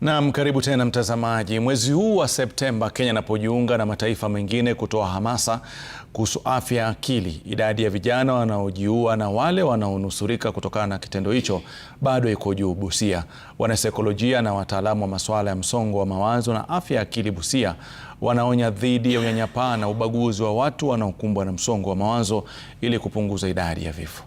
Naam, karibu tena mtazamaji. Mwezi huu wa Septemba, Kenya inapojiunga na mataifa mengine kutoa hamasa kuhusu afya ya akili, idadi ya vijana wanaojiua na wale wanaonusurika kutokana na kitendo hicho bado iko juu. Busia, wanasaikolojia na wataalamu wa masuala ya msongo wa mawazo na afya ya akili Busia wanaonya dhidi ya unyanyapaa na ubaguzi wa watu wanaokumbwa na msongo wa mawazo ili kupunguza idadi ya vifo.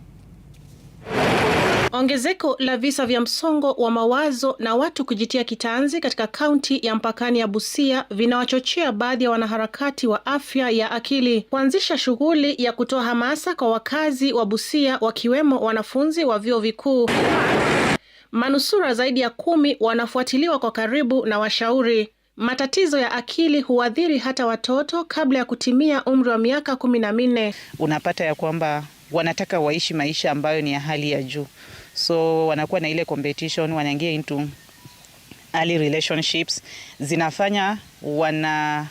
Ongezeko la visa vya msongo wa mawazo na watu kujitia kitanzi katika kaunti ya mpakani ya Busia vinawachochea baadhi ya wanaharakati wa afya ya akili kuanzisha shughuli ya kutoa hamasa kwa wakazi wa Busia wakiwemo wanafunzi wa vyuo vikuu. Manusura zaidi ya kumi wanafuatiliwa kwa karibu na washauri. Matatizo ya akili huathiri hata watoto kabla ya kutimia umri wa miaka kumi na minne. Unapata ya kwamba wanataka waishi maisha ambayo ni ya hali ya juu so wanakuwa na ile competition, wanaingia into early relationships, zinafanya wana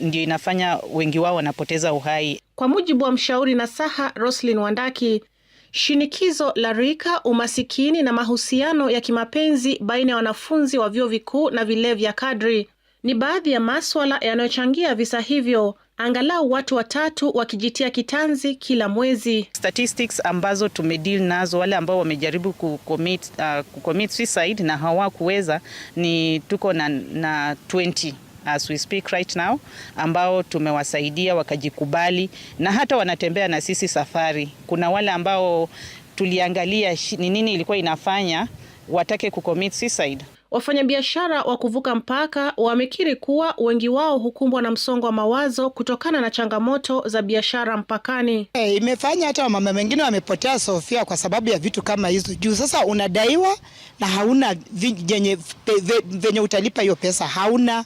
ndio inafanya wengi wao wanapoteza uhai. Kwa mujibu wa mshauri na saha Roslyn Wandaki, shinikizo la rika, umasikini na mahusiano ya kimapenzi baina ya wanafunzi wa vyuo vikuu na vile vya kadri ni baadhi ya maswala yanayochangia visa hivyo angalau watu watatu wakijitia kitanzi kila mwezi. Statistics ambazo tumedeal nazo wale ambao wamejaribu kucommit, uh, kucommit suicide na hawakuweza ni tuko na, na 20 as we speak right now ambao tumewasaidia wakajikubali na hata wanatembea na sisi safari. Kuna wale ambao tuliangalia ni nini ilikuwa inafanya watake kucommit suicide. Wafanyabiashara wa kuvuka mpaka wamekiri kuwa wengi wao hukumbwa na msongo wa mawazo kutokana na changamoto za biashara mpakani. Hey, eh, imefanya hata wamama wengine wamepotea sofia kwa sababu ya vitu kama hizo, juu sasa unadaiwa na hauna venye, utalipa hiyo pesa hauna,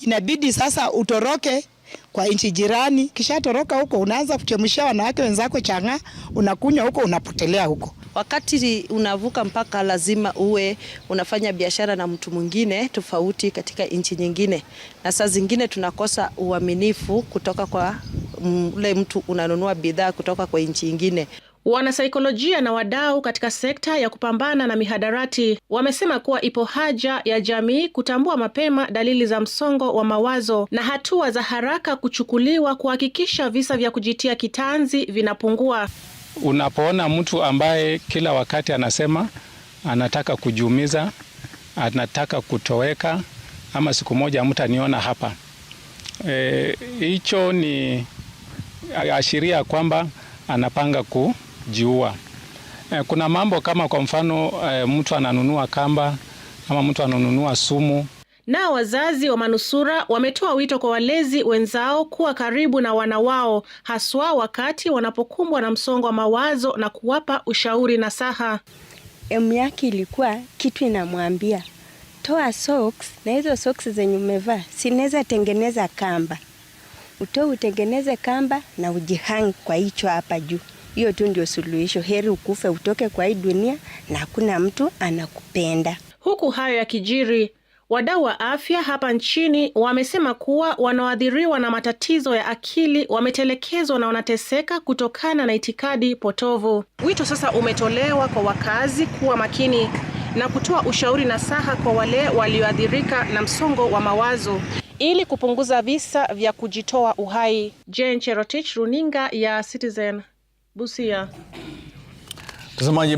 inabidi sasa utoroke kwa nchi jirani. Kishatoroka huko unaanza kuchemshia wanawake wenzako changa unakunywa huko, unapotelea huko. Wakati unavuka mpaka, lazima uwe unafanya biashara na mtu mwingine tofauti katika nchi nyingine, na saa zingine tunakosa uaminifu kutoka kwa mm, ule mtu unanunua bidhaa kutoka kwa nchi nyingine. Wanasaikolojia na wadau katika sekta ya kupambana na mihadarati wamesema kuwa ipo haja ya jamii kutambua mapema dalili za msongo wa mawazo na hatua za haraka kuchukuliwa kuhakikisha visa vya kujitia kitanzi vinapungua unapoona mtu ambaye kila wakati anasema anataka kujiumiza, anataka kutoweka, ama siku moja mtaniona hapa, e, hicho e, ni ashiria kwamba anapanga kujiua. E, kuna mambo kama kwa mfano e, mtu ananunua kamba ama mtu ananunua sumu Nao wazazi wa manusura wametoa wito kwa walezi wenzao kuwa karibu na wana wao, haswa wakati wanapokumbwa na msongo wa mawazo na kuwapa ushauri na saha. Emu yake ilikuwa kitu inamwambia toa socks, na hizo socks zenye umevaa sinaweza tengeneza kamba, utoe utengeneze kamba na ujihang kwa hicho hapa juu. Hiyo tu ndio suluhisho. Heri ukufe utoke kwa hii dunia na hakuna mtu anakupenda. Huku hayo yakijiri, Wadau wa afya hapa nchini wamesema kuwa wanaoathiriwa na matatizo ya akili wametelekezwa na wanateseka kutokana na itikadi potovu. Wito sasa umetolewa kwa wakazi kuwa makini na kutoa ushauri na saha kwa wale walioathirika na msongo wa mawazo ili kupunguza visa vya kujitoa uhai. Jane Cherotich, runinga ya Citizen, Busia.